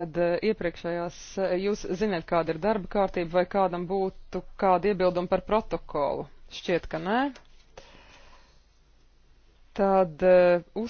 Tad eh, iepriekšējās, eh, jūs zināt, kāda ir darba kārtība, vai kādam būtu kāda iebilduma par protokolu? Šķiet, ka nē. Tad eh, uz